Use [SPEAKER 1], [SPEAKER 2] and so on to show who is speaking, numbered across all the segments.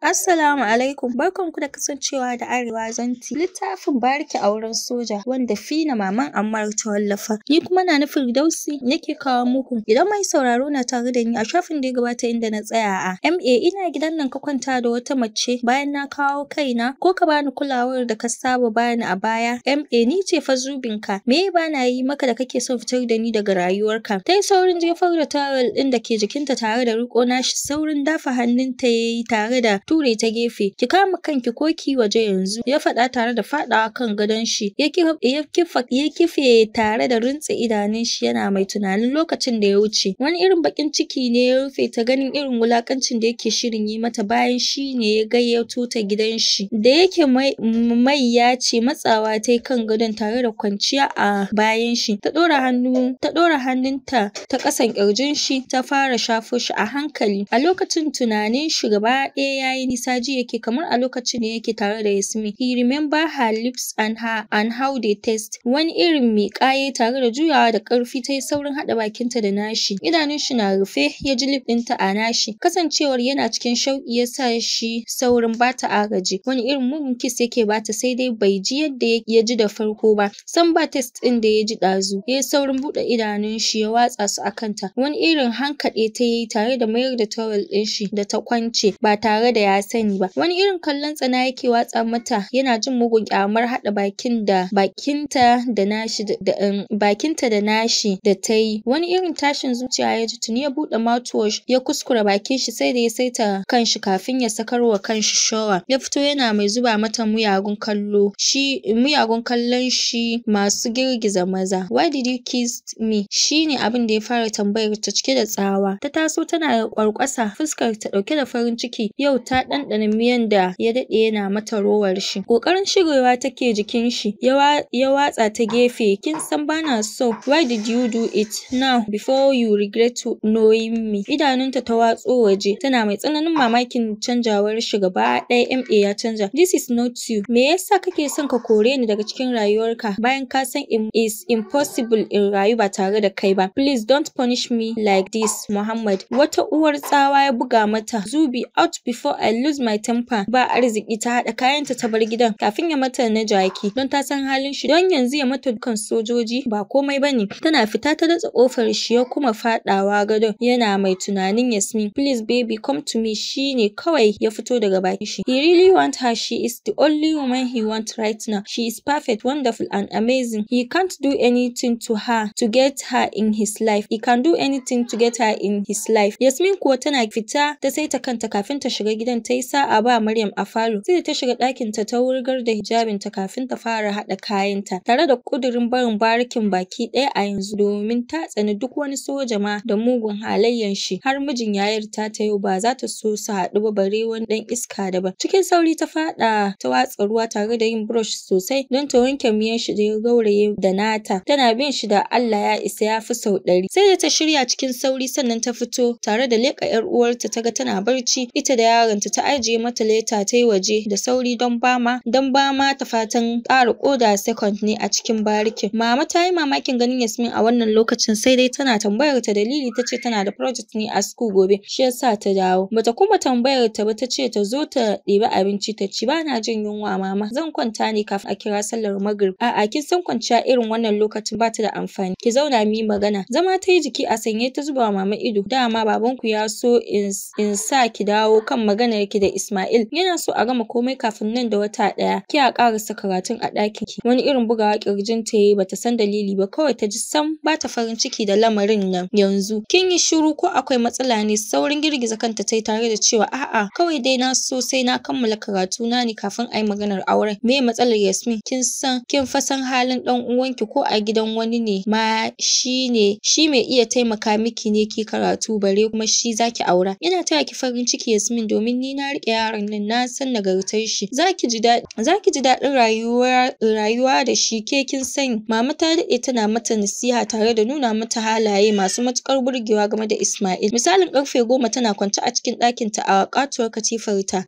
[SPEAKER 1] Assalamu alaikum Barkan ku da kasancewa da Arewa Zanti littafin bariki a wurin soja wanda Fina maman Ammar ta wallafa ni kuma na nufin Dausi yake kawo muku idan mai sauraro na tare da ni a shafin da ya gabata inda na tsaya a MA ina gidan nan ka kwanta da wata mace bayan na kawo kaina ko ka bani kulawar da ka saba bani a baya MA ni ce fa ka. me ya bana yi maka da kake son fitar da ni daga rayuwarka ta yi saurin jefar da tawul ɗin da ke jikinta tare da riko nashi saurin dafa hannunta ya yi tare da ture ta gefe ki kama kanki ko ki waje yanzu ya faɗa tare da faɗawa kan gadon shi ya kife tare da rintse idanun shi yana mai tunanin lokacin da ya wuce wani irin bakin ciki ne ya rufe ta ganin irin wulakancin da yake shirin yi mata bayan shi ne ya gayyato ta gidan shi da yake mai ya ce matsawa ta yi kan gadon tare da kwanciya a bayan shi ta ɗora hannu ta ɗora hannunta ta ƙasan ƙirjin shi ta fara shafo shi a hankali a lokacin tunanin shi gaba ɗaya ya yayi nisa ji yake kamar a lokacin da yake tare da Yasmin. He remember her lips and her and how they taste. Wani irin miƙaye tare da juyawa da ƙarfi ta yi saurin haɗa bakinta da nashi. Idanun shi na rufe ya ji lip ɗinta a nashi. Kasancewar yana cikin shauƙi ya sa shi saurin bata agaji. Wani irin mugun kiss yake bata sai dai bai ji yadda ya ji da farko ba. Sam ba test ɗin da ya ji ɗazu. Ya saurin buɗe idanun shi ya watsa su a kanta. Wani irin hankaɗe ta yi tare da mayar da towel ɗin shi da ta kwance ba tare da ya sani ba wani irin kallon tsana yake watsa mata yana jin mugun kyamar haɗa bakin da bakinta da nashi da um, bakinta da nashi da tayi wani irin tashin zuciya ya ji tuni ya buɗe mouthwash ya kuskura bakin shi sai da ya saita kanshi kafin ya sakarwa kanshi showa ya fito yana mai zuba mata muyagun kallo shi miyagun kallon shi masu girgiza maza why did you kiss me shine abin da ya fara tambayar ta cike da tsawa ta taso tana kwarkwasa fuskar ta dauke da farin ciki yau ta ta ɗanɗana miyan da ya daɗe yana mata rowar shi ƙoƙarin shigewa take jikin shi ya ya watsa ta gefe kin san bana so why did you do it now before you regret knowing me idanunta ta watso waje tana mai tsananin mamakin canjawar shi gaba ɗaya MA ya canja this is not you me yasa kake son ka kore ni daga cikin rayuwarka bayan ka san is impossible in rayu ba tare da kai ba please don't punish me like this Muhammad wata uwar tsawa ya buga mata Zubi out before I I lose my temper ba arziki ta haɗa kayanta ta bar gidan kafin ya mata na jaki don ta san halin shi don yanzu ya mata dukan sojoji ba komai bane tana fita ta datsa kofar shi ya kuma faɗawa gadon yana mai tunanin Yasmin please baby come to me ne kawai ya fito daga bakin shi he really want her she is the only woman he want right now she is perfect wonderful and amazing he can't do anything to her to get her in his life he can do anything to get her in his life Yasmin kuwa tana fita ta saita kanta kafin ta shiga gidan Maryam ta yi sa'a ba Maryam a falo sai da ta shiga ɗakinta ta wurgar da hijabinta kafin ta fara haɗa kayanta tare da ƙudurin barin barikin baki ɗaya a yanzu domin ta tsani duk wani soja ma da mugun halayyan shi har mijin yayar ta ta yau ba za ta so su haɗu ba bare wani ɗan iska ba Cikin sauri ta faɗa ta watsa ruwa tare da yin brush sosai don ta wanke miyan shi da ya gauraye da nata tana bin shi da Allah ya isa ya fi sau ɗari. Sai da ta shirya cikin sauri sannan ta fito tare da leƙa ‘yar uwarta ta ga tana barci ita da yaronta ta ta ajiye mata leta ta yi waje da sauri don ba ma don ba ta fatan ƙara ƙoda second ne a cikin barikin. Mama ta yi mamakin ganin Yasmin a wannan lokacin sai dai tana tambayar ta dalili ta ce tana da project ne a school gobe shi yasa ta dawo. Bata kuma tambayar ta ba ta ce ta zo ta ɗebi abinci ta ci bana jin yunwa mama zan kwanta ne kafin a kira sallar magrib. A'a kin san kwanciya irin wannan lokacin ba ta da amfani ki zauna mu magana. Zama ta yi jiki a sanye ta zuba wa mama ido dama babanku ya so in sa ki dawo kan magana maganar ki da Ismail yana so a gama komai kafin nan da wata ɗaya ki a ƙarasa karatun a ɗakin ki wani irin bugawa ƙirjin ta yi bata san dalili ba kawai ta ji sam bata farin ciki da lamarin nan yanzu kin yi shiru ko akwai matsala ne saurin girgiza kanta ta yi tare da cewa a'a kawai dai na so sai na kammala karatu na ne kafin ayi maganar auren me matsalar Yasmin kin san kin fa san halin ɗan uwanki ko a gidan wani ne ma shi ne shi mai iya taimaka miki ne ki karatu bare kuma shi zaki aura yana taya ki farin ciki Yasmin domin ni na riƙe yaron nan na san nagartar shi zaki ji daɗi zaki ji daɗin rayuwa rayuwa da shi ke kin sani mama ta daɗe tana mata nasiha tare da nuna mata halaye masu matuƙar burgewa game da Ismail misalin ƙarfe goma tana kwance a cikin ɗakin ta a ƙatuwar katifar ta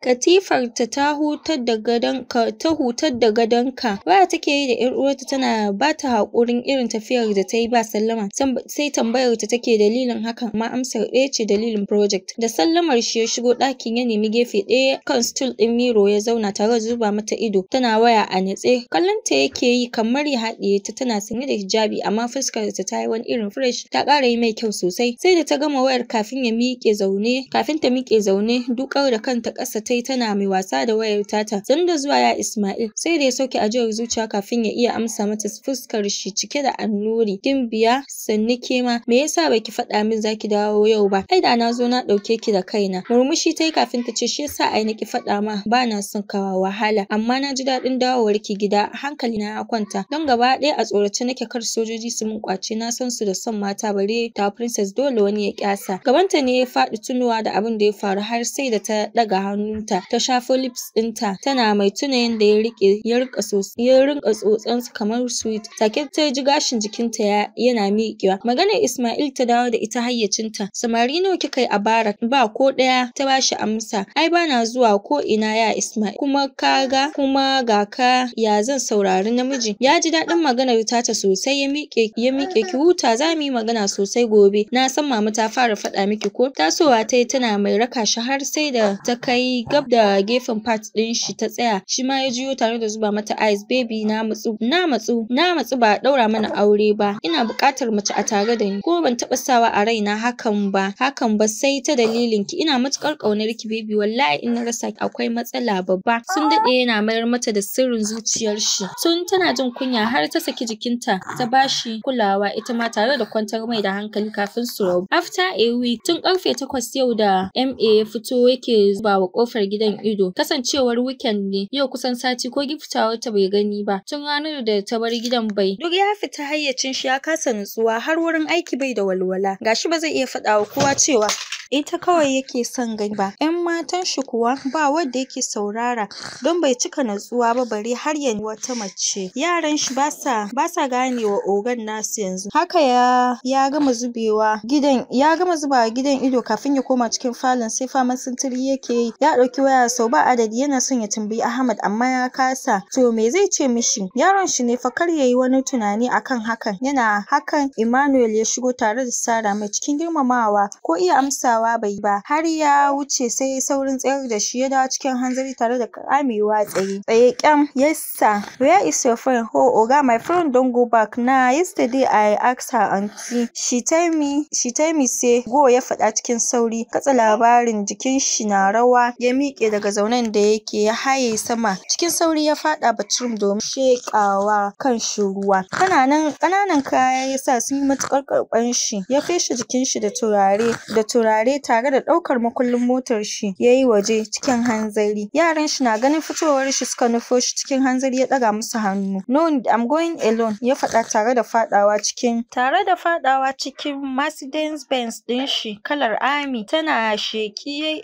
[SPEAKER 1] katifar ta ta hutar da gadon ka ta hutar da gadon ka waya take yi da ƴar uwarta tana bata haƙurin irin tafiyar da ta yi ba sallama sai tambayar ta take dalilin hakan amma amsar ɗaya eh, ce dalilin project da sallamar shi ya shigo ɗakin ya nemi gefe ɗaya kan stool ɗin miro ya zauna tare da zuba mata ido tana waya a natse kallon yake yi kamar ya haɗiye ta tana sanye da hijabi amma fuskar ta ta yi wani irin fresh ta ƙara yi mai kyau sosai sai da ta gama wayar kafin ya miƙe zaune kafin ta miƙe zaune dukar da kanta ƙasa ta yi tana mai wasa da wayar tata sanda zuwa ya Ismail sai da ya sauke ajiyar zuciya kafin ya iya amsa mata fuskar shi cike da annuri gimbiya sannike ke ma me yasa baki faɗa min zaki dawo yau ba ai da na zo na ɗauke ki da kaina murmushi shi ta yi kafin ta ce shi yasa ai naki faɗa ma ba na son ka wahala amma na ji daɗin dawowar ki gida hankali na ya kwanta don gaba ɗaya a tsorace nake kar sojoji su mun kwace na san su da son mata bare ta princess dole wani ya kyasa. Gabanta ne ya faɗi tunuwa da abin da ya faru har sai da ta daga hannunta ta shafo lips ɗinta tana mai tuna yadda ya riƙe ya riƙa ya rinƙa tsotsan su kamar sweet take ta ji gashin jikinta ya yana miƙewa. Maganar Ismail ta dawo da ita hayyacinta samari nawa kika yi a barak ba ko ɗaya ta bashi amsa ai bana zuwa ko ina ya Ismail kuma kaga kuma ga ka ya zan saurari namiji ya ji daɗin maganar tata sosai ya miƙe ya miƙe ki huta za mu yi magana sosai gobe na san mama ta fara faɗa miki ko tasowa ta yi tana mai raka shi har sai da ta kai gab da gefen part ɗin shi ta tsaya shi ma ya juyo tare da zuba mata ice baby na matsu na matsu na matsu ba ɗaura mana aure ba ina buƙatar mace a tare da ni ko ban taɓa sawa a raina hakan ba hakan ba sai ta dalilin ki ina matuƙar ƙaunar ki baby wallahi in na rasa ki akwai matsala babba sun daɗe yana mayar mata da sirrin zuciyar shi tun tana jin kunya har ta saki jikinta ta bashi kulawa ita ma tare da kwantar mai da hankali kafin su rabu after a week tun karfe takwas yau da ma ya fito yake zuba wa kofar gidan ido kasancewar weekend ne yau kusan sati ko giftawar ta bai gani ba tun ranar da ta bar gidan bai duk ya fita hayyacin shi ya kasa nutsuwa har wurin aiki bai da walwala gashi ba zai iya faɗa wa kowa cewa ita kawai yake son gani ba ‘yan matan shi kuwa ba wanda yake saurara don bai cika natsuwa ba bare har ya wata mace yaran shi ba sa ba sa ganewa ogan nasu yanzu haka ya ya gama zubewa gidan ya gama zubawa gidan ido kafin ya koma cikin falon sai faman sintiri yake yi ya ɗauki waya sau ba adadi yana son ya tambayi Ahmad amma ya kasa to me zai ce mishi yaron shi ne fa kar yayi wani tunani akan hakan yana hakan Emmanuel ya shigo tare da sara mai cikin girmamawa ko iya amsawa juyawa bai yi ba har ya wuce sai saurin tsayar da shi ya dawo cikin hanzari tare da kamewa tsaye tsaye kyam yes sir where is your friend oh oga my friend don go back na yesterday i asked her aunty she tell me she tell me say go ya faɗa cikin sauri katsa labarin jikin shi na rawa ya miƙe daga zaunen da yake ya haye sama cikin sauri ya faɗa bathroom domin sheƙawa shi ruwa ƙananan kananan kaya yasa sun yi matukar karɓan shi ya feshe jikin shi da turare da turare turare tare da ɗaukar makullin motar shi yayi waje cikin hanzari. Yaran shi na ganin fitowar shi suka nufo shi cikin hanzari ya ɗaga musu hannu. No I'm going alone ya faɗa tare da faɗawa cikin tare da faɗawa cikin Mercedes Benz ɗin shi kalar Ami tana sheki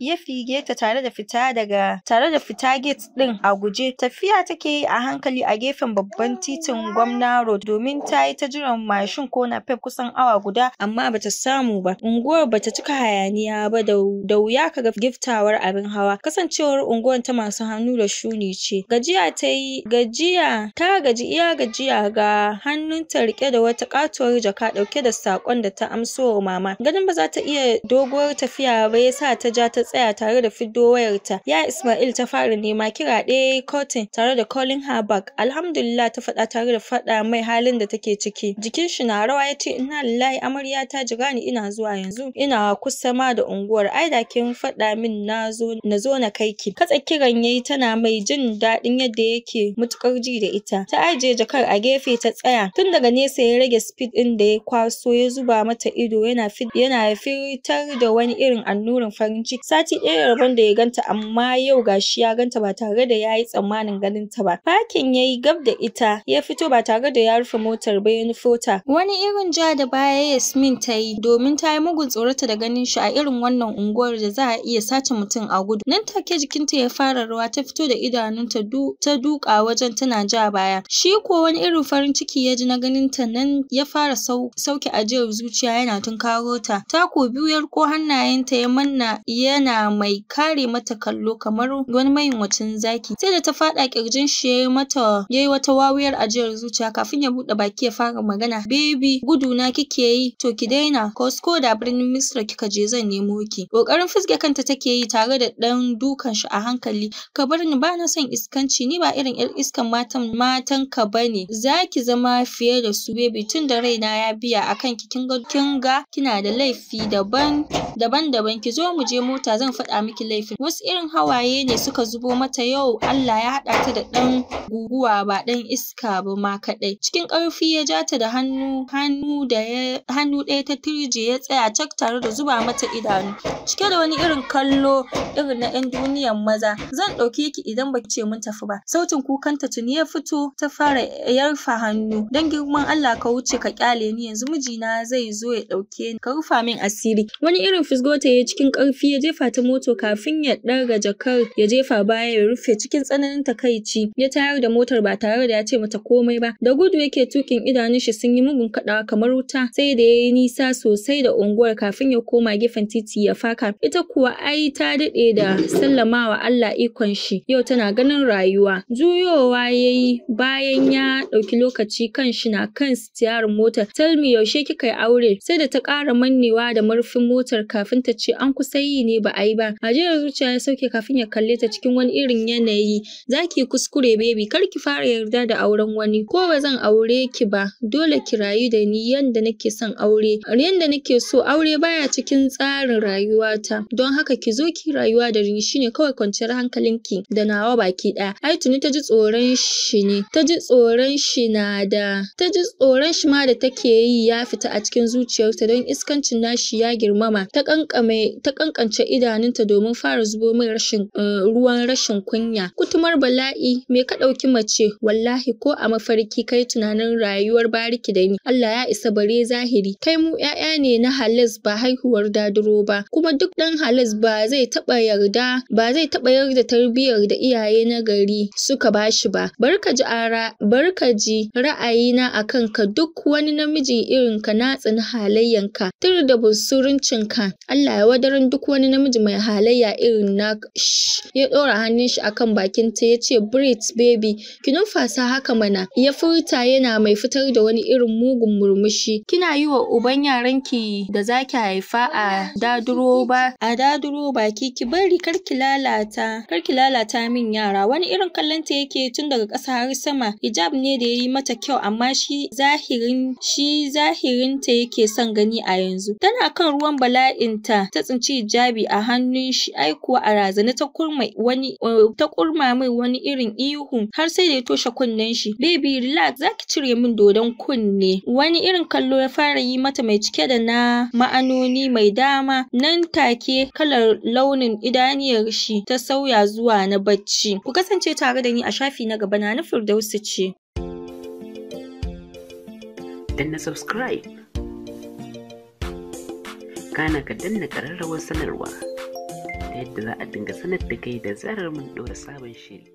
[SPEAKER 1] ya fige ta tare da fita daga tare da fita gate ɗin a guje. Tafiya take yi a hankali a gefen babban titin Gwamna Road domin ta yi ta jiran mashin ko pep kusan awa guda amma bata samu ba. Unguwar ba bata cika hayaniya ba da wuya kaga giftawar abin hawa kasancewar unguwar ta masu hannu da shuni ce gajiya tayi gajiya ta gaji iya gajiya ga hannun ta rike da wata katuwar jaka ɗauke da sakon da ta amso mama ganin ba za ta iya doguwar tafiya ba yasa ta ja ta tsaya tare da fiddo ta ya Ismail ta fara nema kira ɗaya eh, Cotton tare da Colin Habak alhamdulillah ta faɗa tare da faɗa mai halin da take ciki jikin shi na rawa yace inna lillahi amarya ta jira ni ina zuwa yanzu ina yana kusa ma da unguwar ai da kin faɗa min na zo na zo na kai ki katsa kiran yayi tana mai jin daɗin yadda yake mutukar ji da ita ta ajiye jakar a gefe ta tsaya tun daga nesa ya rage speed ɗin da ya kwaso ya zuba mata ido yana yana fitar da wani irin annurin farin ciki sati ɗaya rabon da ya ganta amma yau gashi ya ganta ba tare da yayi tsammanin ganin ta ba fakin yayi gab da ita ya fito ba tare da ya rufe motar ba ya nufo ta wani irin ja da baya Yasmin tayi domin tayi mugun tsoro tsorata da ganin shi a irin wannan unguwar da za a iya sace mutum a gudu. Nan take jikinta ya fara rawa ta fito da idanunta du ta duka wajen tana ja baya. Shi ko wani irin farin ciki ya ji na ganin ta nan ya fara sauke ajiyar zuciya yana tunkaro ta. Taku biyu ya ko hannayenta ya manna yana mai kare mata kallo kamar wani mayiwacin zaki. Sai da ta faɗa kirjin shi ya mata yayi wata wawiyar ajiyar zuciya kafin ya buɗe baki ya fara magana. Baby gudu na kike yi to ki daina cause ko da birnin Misra kika je zan nemo ki. Ƙoƙarin fizge kanta take yi tare da ɗan dukan shi a hankali. Ka bar ni ba na son iskanci ni ba irin 'yar iskan matan matan ka bane. Za ki zama fiye da su baby tun da raina ya biya a kan ki kin ga kin ga kina da laifi daban daban daban ki zo mu je mota zan faɗa miki laifin. Wasu irin hawaye ne suka zubo mata yau Allah ya haɗa ta da ɗan guguwa ba ɗan iska ba ma kaɗai. Cikin ƙarfi ya ja ta da hannu hannu da ya hannu ɗaya ta turje ya tsaya cak tare da zuba mata idanu cike da wani irin kallo irin na yan duniyan maza zan ɗauke ki idan baki ce mun tafi ba sautin kukanta tuni ya fito ta fara yarfa hannu Don girman Allah ka wuce ka ƙyale ni yanzu mijina zai zo ya ɗauke ni ka rufa min asiri wani irin ta yi cikin ƙarfi ya jefa ta moto kafin ya ɗaga jakar ya jefa baya ya rufe cikin tsananin takaici ya tayar da motar ba tare da ya ce mata komai ba da gudu yake tukin idanun shi sun yi mugun kaɗawa kamar wuta sai da ya yi nisa sosai da unguwar kafin ya koma gefen titi ya faka ita kuwa ai ta daɗe da sallamawa Allah ikon shi yau tana ganin rayuwa juyowa yayi bayan ya ɗauki lokaci kan shi na kan sitiyarin motar tell me yaushe kika yi aure sai da ta ƙara mannewa da murfin motar kafin ta ce an kusa yi ne ba a yi ba ajiyar zuciya ya sauke kafin ya kalle ta cikin wani irin yanayi zaki kuskure baby kar ki fara yarda da auren wani ko ba zan aure ki ba dole ki rayu da ni yanda nake son aure yanda nake so aure baya baya cikin tsarin rayuwata don haka ki zo ki rayuwa da ni shine kawai kwanciyar hankalinki da nawa baki ɗaya ai tuni ta ji tsoron shi ne ta tsoron shi na da ta ji tsoron shi ma da take yi ya fita a cikin zuciyarta don iskancin nashi ya girmama ta kankame ta kankance idanunta domin fara zubo mai rashin eh, ruwan rashin kunya kutumar bala'i me ka ɗauki mace wallahi ko a mafarki kai tunanin rayuwar bariki da ni Allah ya isa bare zahiri kai mu 'ya'ya ne na halis ba haihuwar dadiro ba kuma duk ɗan halas ba zai taba yarda ba zai taba yarda tarbiyyar da iyaye na gari suka bashi ba barka ji ara barka ji ji ra'ayina akan ka duk wani namiji irin ka na halayyan ka tur da ka Allah ya wadarin duk wani namiji mai halayya irin na ya ɗora hannun shi akan bakin ta yace Brit baby ki numfasa haka mana ya furta yana mai fitar da wani irin mugun murmushi kina yi wa uban yaranki da zaki haifa a daduro ba a daduro baki ki bari kar ki lalata kar ki lalata min yara wani irin kallon ta yake tun daga ƙasa har sama hijab ne da yayi mata kyau amma shi zahirin shi zahirin ta yake son gani a yanzu tana kan ruwan bala'in ta ta tsinci hijabi a hannun shi ai kuwa a razana ta kurma wani ta kurma mai wani irin ihu har sai da ya toshe kunnen shi baby relax zaki cire min dodon kunne wani irin kallo ya fara yi mata mai cike da na ma'ano fannoni mai dama nan take kalar launin idaniyar shi ta sauya zuwa na bacci ku kasance tare da ni a shafi na gaba na Firdausi ce danna subscribe kana ka danna ƙararrawar sanarwa ta yadda za a dinga sanar da kai da zarar mun ɗora sabon shiri